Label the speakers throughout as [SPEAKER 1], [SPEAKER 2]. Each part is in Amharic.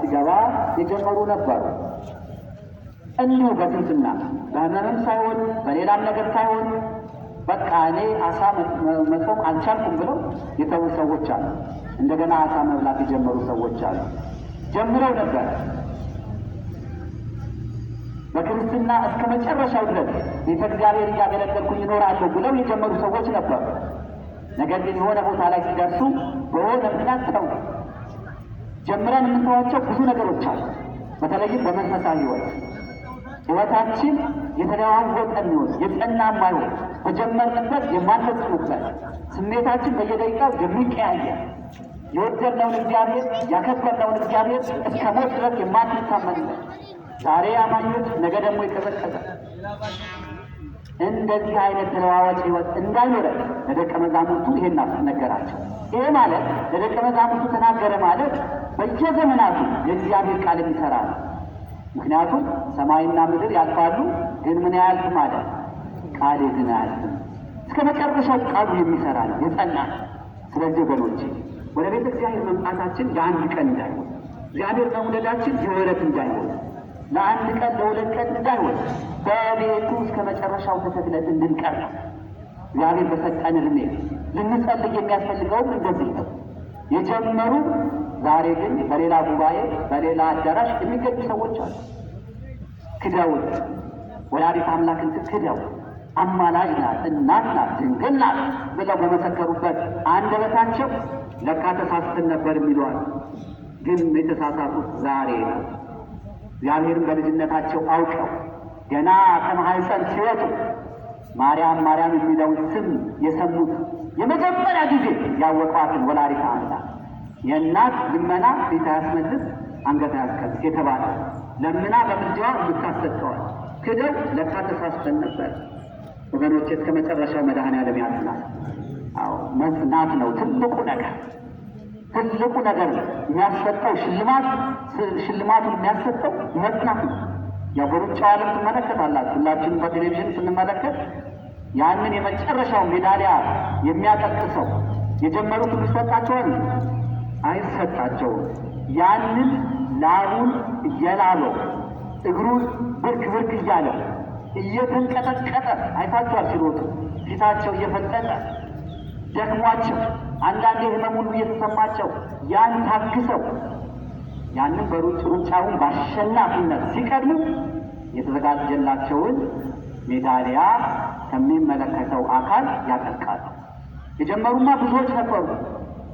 [SPEAKER 1] ሲገባ የጀመሩ ነበሩ። እንዲሁ በትንትና በህመምም ሳይሆን በሌላም ነገር ሳይሆን በቃ እኔ አሳ መጾም አልቻልኩም ብለው የተዉ ሰዎች አሉ። እንደገና አሳ መብላት የጀመሩ ሰዎች አሉ። ጀምረው ነበር። በክርስትና እስከ መጨረሻው ድረስ ቤተ እግዚአብሔር እያገለገልኩ ይኖራለሁ ብለው የጀመሩ ሰዎች ነበሩ። ነገር ግን የሆነ ቦታ ላይ ሲደርሱ በሆነ ምክንያት ተዉ። ጀምረን የምንተዋቸው ብዙ ነገሮች አሉ። በተለይም በመንፈሳዊ ህይወት ህይወታችን የተለዋወጠ የሚሆን የጠና የማይሆን በጀመርንበት የማንፈጽምበት ስሜታችን በየደቂቃው የሚቀያየር የወደድነውን እግዚአብሔር ያከበርነውን እግዚአብሔር እስከ ሞት ድረስ የማንታመንበት ዛሬ አማኞች ነገ ደግሞ የቀዘቀዘ እንደዚህ አይነት ተለዋዋጭ ህይወት እንዳይኖረ ለደቀ መዛሙርቱ ይሄን ነገራቸው። ይሄ ማለት ለደቀ መዛሙርቱ ተናገረ ማለት በየዘመናቱ የእግዚአብሔር ቃልም ይሰራል። ምክንያቱም ሰማይና ምድር ያልፋሉ፣ ግን ምን አያልፍም አለ ቃል ግን አያልፍም። እስከ መጨረሻው ቃሉ የሚሰራ ነው፣ የጸና ስለዚህ ወገኖች ወደ ቤተ እግዚአብሔር መምጣታችን የአንድ ቀን እንዳይሆን፣ እግዚአብሔር መውለዳችን የወረት እንዳይሆን፣ ለአንድ ቀን ለሁለት ቀን እንዳይሆን፣ በቤቱ እስከ መጨረሻው ተተክለት እንድንቀር ነው። እግዚአብሔር በሰጠን እድሜ ልንጸልይ የሚያስፈልገውም እንደዚህ ነው። የጀመሩ ዛሬ ግን በሌላ ጉባኤ በሌላ አዳራሽ የሚገኙ ሰዎች አሉ። ክደውት ወላዲት አምላክን ክደው አማላጅ ናት፣ እናት ናት፣ ድንግል ናት ብለው በመሰከሩበት አንደበታቸው ለካ ተሳስተን ነበር የሚለዋል። ግን የተሳሳቱት ዛሬ ነው። እግዚአብሔርን በልጅነታቸው አውቀው ገና ከማህፀን ሲወጡ ማርያም ማርያም የሚለውን ስም የሰሙት የመጀመሪያ ጊዜ ያወቋትን ወላዲተ አምላክ የእናት ልመና ፊት አያስመልስ አንገት አያስቀልስ የተባለ ለምና በምልጃዋ የምታሰጠዋል ክደው ለካ ተሳስተን ነበር ወገኖች እስከ መጨረሻው መድኃኔዓለም ያድናል። አዎ መጽናት ነው ትልቁ ነገር ትልቁ ነገር የሚያሰጠው ሽልማት ሽልማቱን የሚያሰጠው መጽናት ነው። የሩጫው ዓለም ትመለከታላችሁ። ሁላችንም በቴሌቪዥን ስንመለከት ያንን የመጨረሻው ሜዳሊያ የሚያጠቅሰው የጀመሩት ይሰጣቸዋል አይሰጣቸውም። ያንን ላቡን እየላለው እግሩን ብርክ ብርክ እያለ እየተንቀጠቀጠ አይታችኋል። ሲሮጡ ፊታቸው እየፈጠጠ ደክሟቸው፣ አንዳንዴ ህመም ሁሉ እየተሰማቸው ያን ታግሰው ያንን በሩጭ ሩጫውን በአሸናፊነት ሲቀድሙ የተዘጋጀላቸውን ሜዳሊያ ከሚመለከተው አካል ያጠቃሉ። የጀመሩማ ብዙዎች ነበሩ።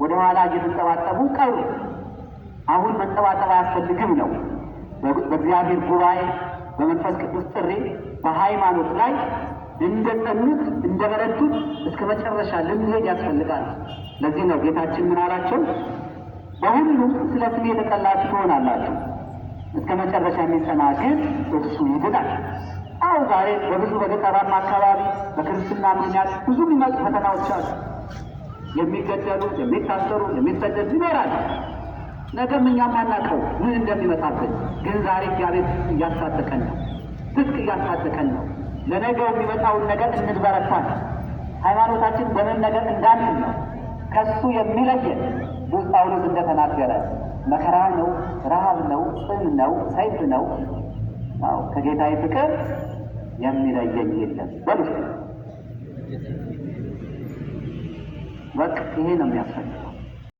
[SPEAKER 1] ወደ ኋላ እየተንጠባጠቡ ቀሩ። አሁን መንጠባጠብ አያስፈልግም ነው። በእግዚአብሔር ጉባኤ፣ በመንፈስ ቅዱስ ጥሪ፣ በሃይማኖት ላይ እንደጠኑት እንደበረቱት እስከ መጨረሻ ልንሄድ ያስፈልጋል። ለዚህ ነው ጌታችን ምን አላቸው? በሁሉም ስለ ስሜ የተጠላችሁ ትሆናላችሁ፣ እስከ መጨረሻ የሚጸና ግን እርሱ ይድናል። አዎ ዛሬ በብዙ በገጠራማ አካባቢ በክርስትና ምክንያት ብዙ የሚመጡ ፈተናዎች አሉ። የሚገደሉ የሚታሰሩ የሚሰደድ ይኖራል። ነገም እኛም አናውቀው ምን እንደሚመጣብን። ግን ዛሬ እግዚአብሔር እያስታጠቀን ነው፣ ትጥቅ እያስታጠቀን ነው። ለነገው የሚመጣውን ነገር ነው። ሃይማኖታችን በምን ነገር እንዳንድ ነው ከሱ የሚለየን። ብዙ ጳውሎስ እንደተናገረ መከራ ነው፣ ረሃብ ነው፣ ጽም ነው፣ ሰይፍ ነው፣ ከጌታዬ ፍቅር የሚለየኝ የለም በልስ በቃ ይሄ ነው የሚያስፈልገው።